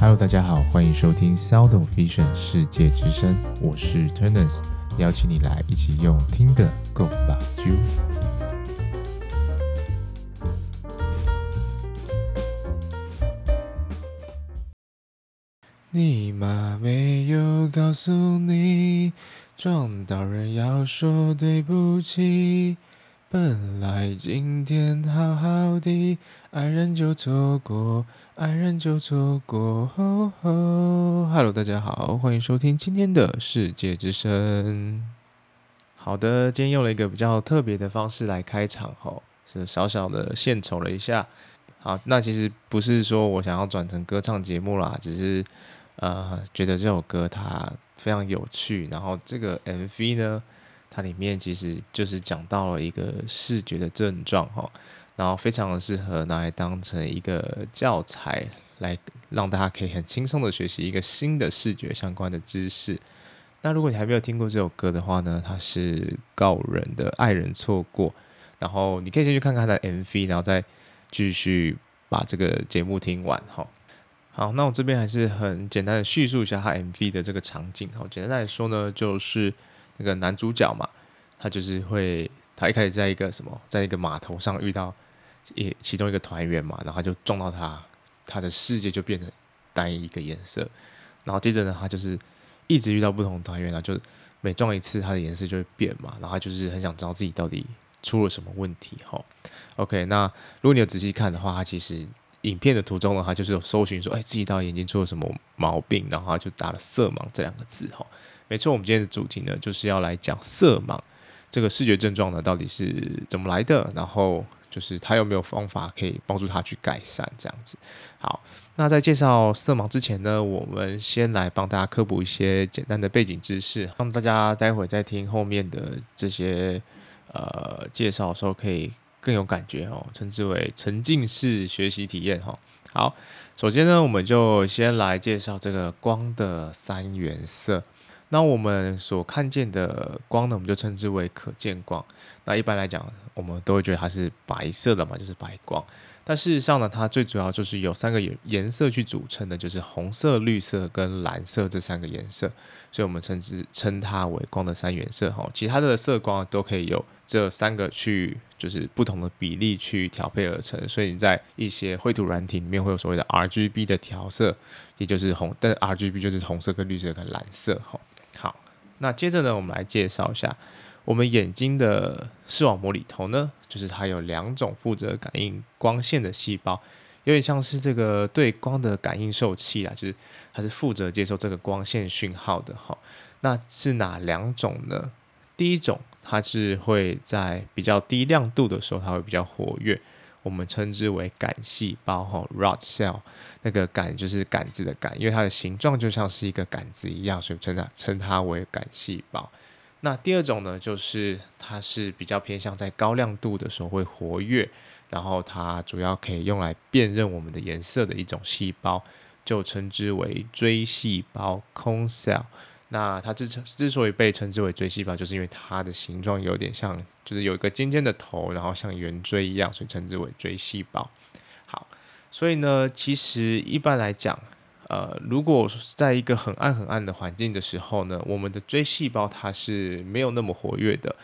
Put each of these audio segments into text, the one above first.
Hello，大家好，歡迎收聽《Sound Vision 世界之聲》，我是 Turners，邀請你來一起用聽的購物吧，你媽沒有告訴你，撞到人要說對不起。本來今天好好的，愛人就錯過，愛人就錯過。哦哦、Hello，大家好，歡迎收聽今天的世界之聲。好的，今天用了一個比較特別的方式來開場哦，是小小的獻醜了一下。好，那其實不是說我想要轉成歌唱節目啦，只是呃，覺得這首歌它非常有趣，然後這個 MV 呢，它裡面其實就是講到了一個視覺的症狀哈，然後非常適合拿來當成一個教材，來讓大家可以很輕鬆的學習一個新的視覺相關的知識。那如果你還沒有聽過這首歌的話呢，它是告人的愛人錯過，然後你可以先去看看他的 MV，然後再繼續把這個節目聽完哈。好，那我這邊還是很簡單的敘述一下他 MV 的這個場景哈，簡單來說呢，就是。那個男主角嘛，他就是會，他一開始在一個什麼，在一個碼頭上遇到一其中一個團員嘛，然後他就撞到他，他的世界就變得單一一個顏色，然後接着呢，他就是一直遇到不同團員，然後就每撞一次，他的顏色就會變嘛，然後他就是很想知道自己到底出了什麼問題哈。OK，那如果你有仔細看的話，他其實。影片的途中呢，他就是有搜尋說，哎、欸，自己到底眼睛出了什麼毛病，然後他就打了色盲這兩個字哈。沒錯，我們今天的主題呢，就是要來講色盲這個視覺症狀呢到底是怎麼來的，然後就是它有沒有方法可以幫助他去改善這樣子。好，那在介紹色盲之前呢，我們先來幫大家科普一些簡單的背景知識，讓大家待會再聽後面的這些呃介紹的時候可以。更有感覺哦，稱之為沉浸式學習體驗哈。好，首先呢，我們就先來介紹這個光的三原色。那我們所看見的光呢，我們就稱之為可見光。那一般來講，我們都會覺得它是白色的嘛，就是白光。但事實上呢，它最主要就是有三個顏顏色去組成的，就是紅色、綠色跟藍色這三個顏色，所以我們稱之稱它為光的三原色哈。其他的色光都可以有這三個去就是不同的比例去調配而成。所以你在一些繪圖軟體裡面會有所謂的 RGB 的調色，也就是紅，但 RGB 就是紅色跟綠色跟藍色哈。好，那接着呢，我們來介紹一下。我們眼睛的視網膜裡頭呢，就是它有兩種負責感應光線的細胞，有點像是這個對光的感應受器啦，就是它是負責接受這個光線訊號的哈。那是哪兩種呢？第一種它是會在比較低亮度的時候，它會比較活躍，我們稱之為感細胞哈 （rod cell）。ELL, 那個感就是杆子的杆，因為它的形狀就像是一個杆子一樣，所以稱它稱它為感細胞。那第二種呢，就是它是比較偏向在高亮度的時候會活躍，然後它主要可以用來辨認我們的顏色的一種細胞，就稱之為錐細胞 c o n cell）。那它之之之所以被稱之為錐細胞，就是因為它的形狀有點像，就是有一個尖尖的頭，然後像圓錐一樣，所以稱之為錐細胞。好，所以呢，其實一般來講。呃，如果在一個很暗很暗的環境的時候呢，我們的錐細胞它是沒有那麼活躍的，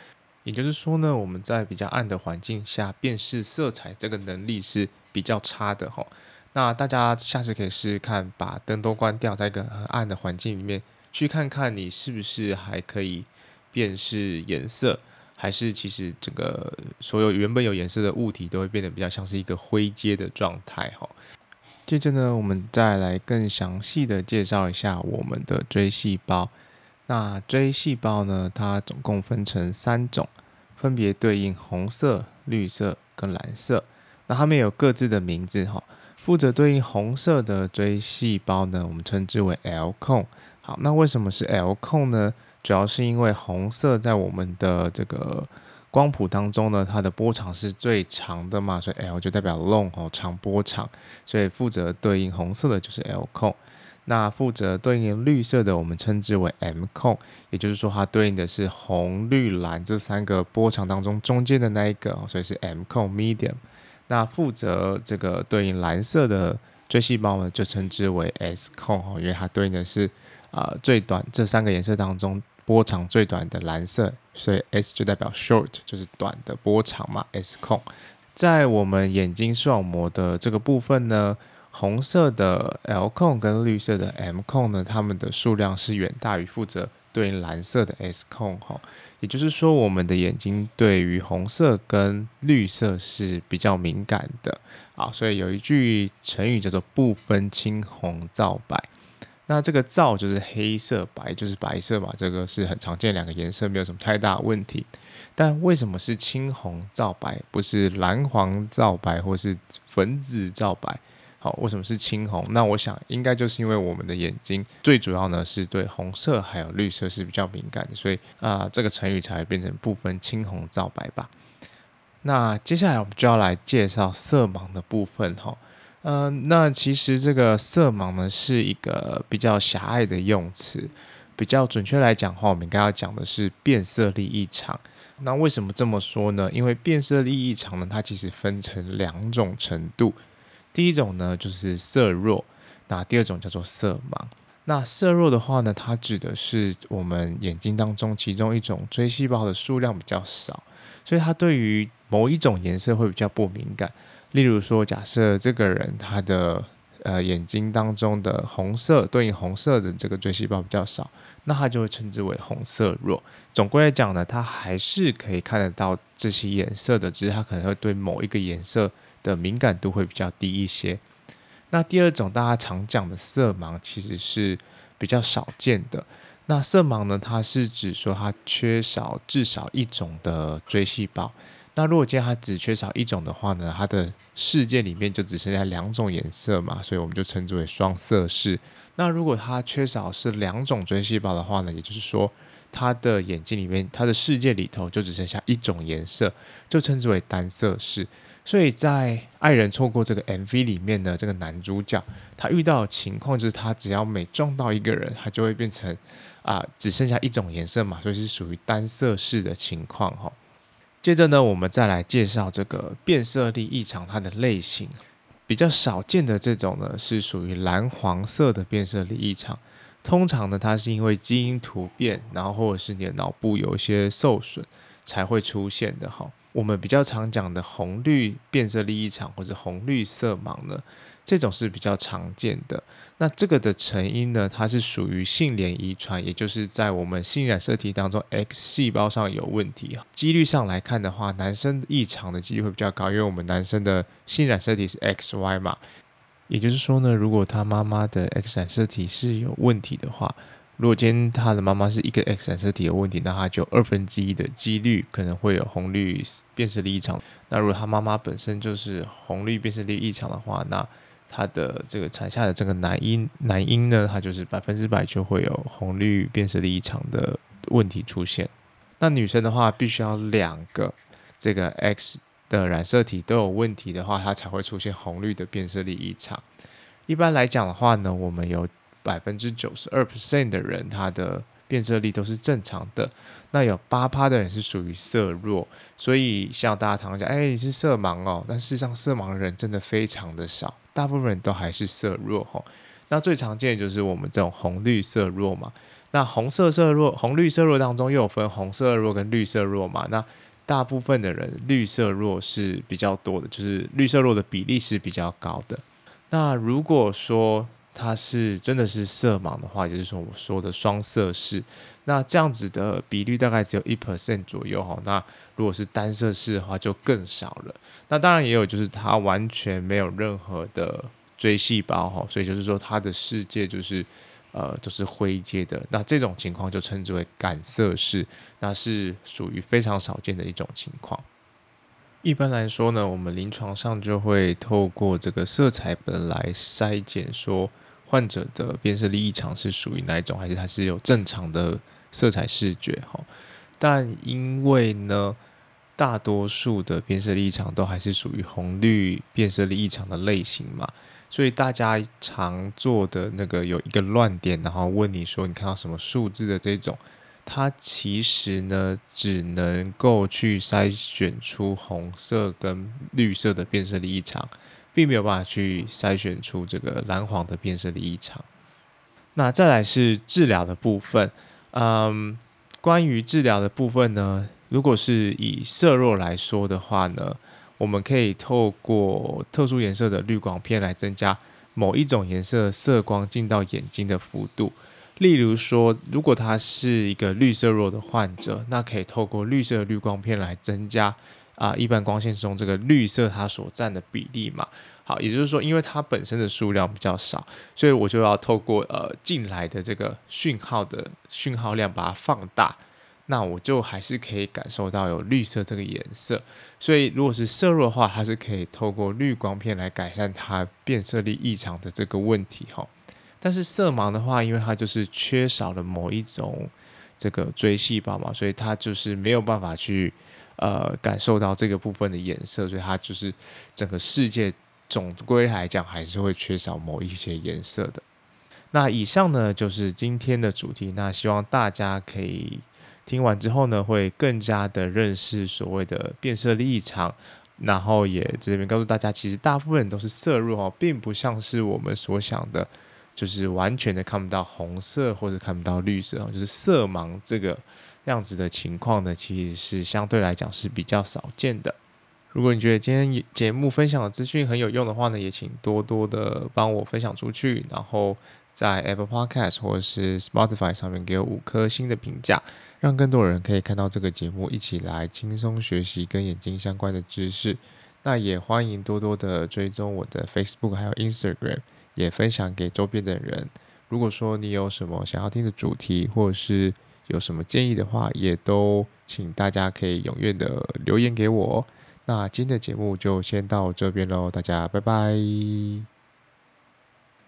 也就是說呢，我們在比較暗的環境下辨識色彩這個能力是比較差的齁。那大家下次可以試試看，把燈都關掉，在一個很暗的環境裡面去看看你是不是還可以辨識顏色，還是其實這個所有原本有顏色的物體都會變得比較像是一個灰階的狀態齁。接着呢，我們再來更詳細的介紹一下我們的錐細胞。那錐細胞呢，它總共分成三種，分別對應紅色、綠色跟藍色。那它們有各自的名字哈，負責對應紅色的錐細胞呢，我們稱之為 L-Cone。好，那為什麼是 L-Cone 呢？主要是因為紅色在我們的這個光譜當中呢，它的波長是最長的嘛，所以 L 就代表 long 哦，長波長，所以負責對應紅色的就是 L-Cone。那負責對應綠色的，我們稱之為 M-Cone，也就是說它對應的是紅、綠、藍這三個波長當中中間的那一個，所以是 M-Cone medium。那負責這個對應藍色的錐細胞呢，就稱之為 S-Cone 哦，因為它對應的是啊、呃、最短這三個顏色當中。波長最短的藍色，所以 S 就代表 short，就是短的波長嘛，S cone。在我們眼睛視網膜的這個部分呢，紅色的 L cone 跟綠色的 M cone 呢，它們的數量是遠大於負責對應藍色的 S cone 吼。也就是說，我們的眼睛對於紅色跟綠色是比較敏感的啊。所以有一句成語叫做“不分青紅皂白”。那這個“皂就是黑色，白就是白色嘛，這個是很常見兩個顏色，沒有什麼太大問題。但為什麼是青紅皂白，不是藍黃皂白，或是粉紫皂白？好，為什麼是青紅？那我想應該就是因為我們的眼睛最主要呢是對紅色還有綠色是比較敏感的。所以啊，呃，這個成語才會變成不分青紅皂白吧。那接下來我們就要來介紹色盲的部分哈。呃，那其實這個色盲呢是一個比較狹隘的用詞，比較準確來講的話，我們剛剛講的是辨色力異常。那為什麼這麼說呢？因為辨色力異常呢，它其實分成兩種程度，第一種呢就是色弱，那第二種叫做色盲。那色弱的話呢，它指的是我們眼睛當中其中一種錐細胞的數量比較少，所以它對於某一種顏色會比較不敏感。例如說，假設這個人他的呃眼睛當中的紅色對應紅色的這個錐細胞比較少，那他就會稱之為紅色弱。總歸來講呢，他還是可以看得到這些顏色的，只是他可能會對某一個顏色的敏感度會比較低一些。那第二種大家常講的色盲其實是比較少見的。那色盲呢，它是指說它缺少至少一種的錐細胞。那如果它只缺少一種的話呢，它的世界裡面就只剩下兩種顏色嘛，所以我們就稱之為雙色視。那如果它缺少是兩種錐細胞的話呢，也就是說，它的眼睛裡面，它的世界裡頭就只剩下一種顏色，就稱之為單色視。所以在《愛人錯過》這個 MV 裡面的這個男主角，他遇到的情況就是他只要每撞到一個人，他就會變成啊、呃、只剩下一種顏色嘛，所以是屬於單色視的情況哈。接着呢，我們再來介紹這個辨色力異常，它的類型比較少見的這種呢，是屬於藍黃色的辨色力異常。通常呢，它是因為基因突變，然後或者是你的腦部有一些受損才會出現的哈。我們比較常講的紅綠辨色力異常或者紅綠色盲呢，這種是比較常見的。那這個的成因呢？它是屬於性聯遺傳，也就是在我們性染色體當中 X 細胞上有問題啊。幾率上來看的話，男生異常的幾率會比較高，因為我們男生的性染色體是 XY 嘛。也就是說呢，如果他媽媽的 X 染色體是有問題的話，如果今天他的媽媽是一個 X 染色體有問題，那他就二分之一的幾率可能會有紅綠辨色力異常。那如果他媽媽本身就是紅綠辨色力異常的話，那他的這個產下的這個男嬰，男嬰呢，他就是百分之百就會有紅綠辨色力異常的問題出現。那女生的話，必須要兩個這個 X 的染色體都有問題的話，他才會出現紅綠的辨色力異常。一般來講的話呢，我們有百分之九十二 percent 的人，他的。辨色力都是正常的，那有八趴的人是屬於色弱，所以像大家常講，欸，你是色盲喔？但事實上，色盲的人真的非常的少，大部分人都還是色弱吼。那最常見的就是我們這種紅綠色弱嘛。那紅色色弱、紅綠色弱當中又有分紅色弱跟綠色弱嘛。那大部分的人綠色弱是比較多的，就是綠色弱的比例是比較高的。那如果說，它是真的是色盲的話，就是說我說的雙色視，那這樣子的比率大概只有一 percent 左右哈。那如果是單色視的話，就更少了。那當然也有就是它完全沒有任何的錐細胞哈，所以就是說他的世界就是呃就是灰階的。那這種情況就稱之為感色視，那是屬於非常少見的一種情況。一般來說呢，我們臨床上就會透過這個色彩本來篩檢說。患者的辨色力異常是屬於哪一種，還是它是有正常的色彩視覺？哈，但因為呢，大多數的辨色力異常都還是屬於紅綠辨色力異常的類型嘛，所以大家常做的那個有一個亂點，然後問你說你看到什麼數字的這種，它其實呢只能夠去篩選出紅色跟綠色的辨色力異常。並沒有辦法去篩選出這個藍黃的變色的異常。那再來，是治療的部分，嗯，關於治療的部分呢，如果是以色弱來說的話呢，我們可以透過特殊顏色的濾光片來增加某一種顏色的色光進到眼睛的幅度。例如說，如果他是一個綠色弱的患者，那可以透過綠色的濾光片來增加。啊，一般光線中這個綠色它所占的比例嘛，好，也就是說，因為它本身的數量比較少，所以我就要透過呃，進來的這個訊號的訊號量把它放大，那我就還是可以感受到有綠色這個顏色。所以如果是色弱的話，它是可以透過濾光片來改善它辨色力異常的這個問題哈。但是色盲的話，因為它就是缺少了某一種這個錐細胞嘛，所以它就是沒有辦法去。呃，感受到這個部分的顏色，所以它就是整個世界總歸來講還是會缺少某一些顏色的。那以上呢就是今天的主題，那希望大家可以聽完之後呢，會更加的認識所謂的辨色力異常，然後也這邊告訴大家，其實大部分人都是色弱，哦，並不像是我們所想的。就是完全的看不到紅色或者看不到綠色，就是色盲這個樣子的情況呢，其實是相對來講是比較少見的。如果你覺得今天節目分享的資訊很有用的話呢，也請多多的幫我分享出去，然後在 Apple Podcast 或者是 Spotify 上面給我五顆星的評價，讓更多人可以看到這個節目，一起來輕鬆學習跟眼睛相關的知識。那也歡迎多多的追蹤我的 Facebook 還有 Instagram。也分享給周邊的人。如果說你有什麼想要聽的主題，或者是有什麼建議的話，也都請大家可以踴躍的留言給我。那今天的節目就先到這邊嘍，大家拜拜。